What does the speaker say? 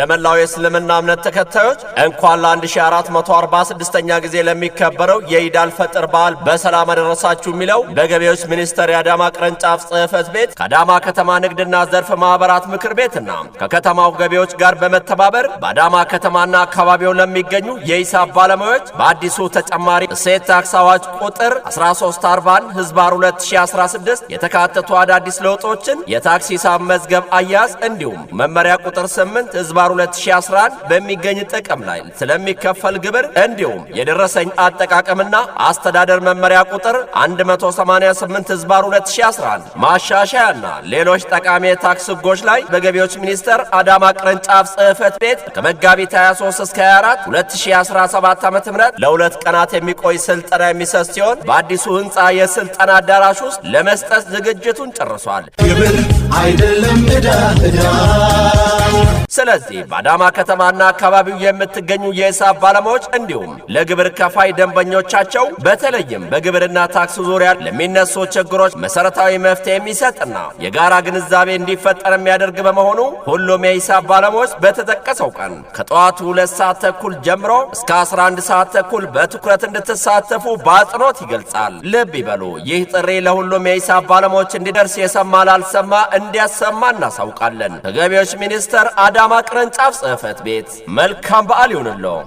ለመላው የእስልምና እምነት ተከታዮች እንኳን ለ1446ኛ ጊዜ ለሚከበረው የኢዳል ፈጥር በዓል በሰላም አደረሳችሁ የሚለው በገቢዎች ሚኒስቴር የአዳማ ቅርንጫፍ ጽህፈት ቤት ከአዳማ ከተማ ንግድና ዘርፍ ማኅበራት ምክር ቤትና ከከተማው ገቢዎች ጋር በመተባበር በአዳማ ከተማና አካባቢው ለሚገኙ የሂሳብ ባለሙያዎች በአዲሱ ተጨማሪ እሴት ታክስ አዋጅ ቁጥር 1341 ህዝባር 2016 የተካተቱ አዳዲስ ለውጦችን የታክስ ሂሳብ መዝገብ አያያዝ እንዲሁም መመሪያ ቁጥር 8 ህዝባር ህዳር 2011 በሚገኝ ጥቅም ላይ ስለሚከፈል ግብር እንዲሁም የደረሰኝ አጠቃቀምና አስተዳደር መመሪያ ቁጥር 188 ህዝባር 2011 ማሻሻያና ሌሎች ጠቃሚ የታክስ ህጎች ላይ በገቢዎች ሚኒስቴር አዳማ ቅርንጫፍ ጽህፈት ቤት ከመጋቢት 23 እስከ 24 2017 ዓ ም ለሁለት ቀናት የሚቆይ ስልጠና የሚሰጥ ሲሆን በአዲሱ ህንፃ የስልጠና አዳራሽ ውስጥ ለመስጠት ዝግጅቱን ጨርሷል። ግብር አይደለም እዳ እዳ ስለዚህ በአዳማ ከተማና አካባቢው የምትገኙ የሂሳብ ባለሙያዎች እንዲሁም ለግብር ከፋይ ደንበኞቻቸው በተለይም በግብርና ታክስ ዙሪያ ለሚነሱ ችግሮች መሰረታዊ መፍትሄ የሚሰጥና የጋራ ግንዛቤ እንዲፈጠር የሚያደርግ በመሆኑ ሁሉም የሂሳብ ባለሙያዎች በተጠቀሰው ቀን ከጠዋቱ ሁለት ሰዓት ተኩል ጀምሮ እስከ 11 ሰዓት ተኩል በትኩረት እንድትሳተፉ በአጽንኦት ይገልጻል። ልብ ይበሉ፣ ይህ ጥሪ ለሁሉም የሂሳብ ባለሙያዎች እንዲደርስ የሰማ ላልሰማ እንዲያሰማ እናሳውቃለን። ከገቢዎች ሚኒስቴር አዳማ ቅርንጫፍ ጽፈት ቤት መልካም በዓል ይሁንለው።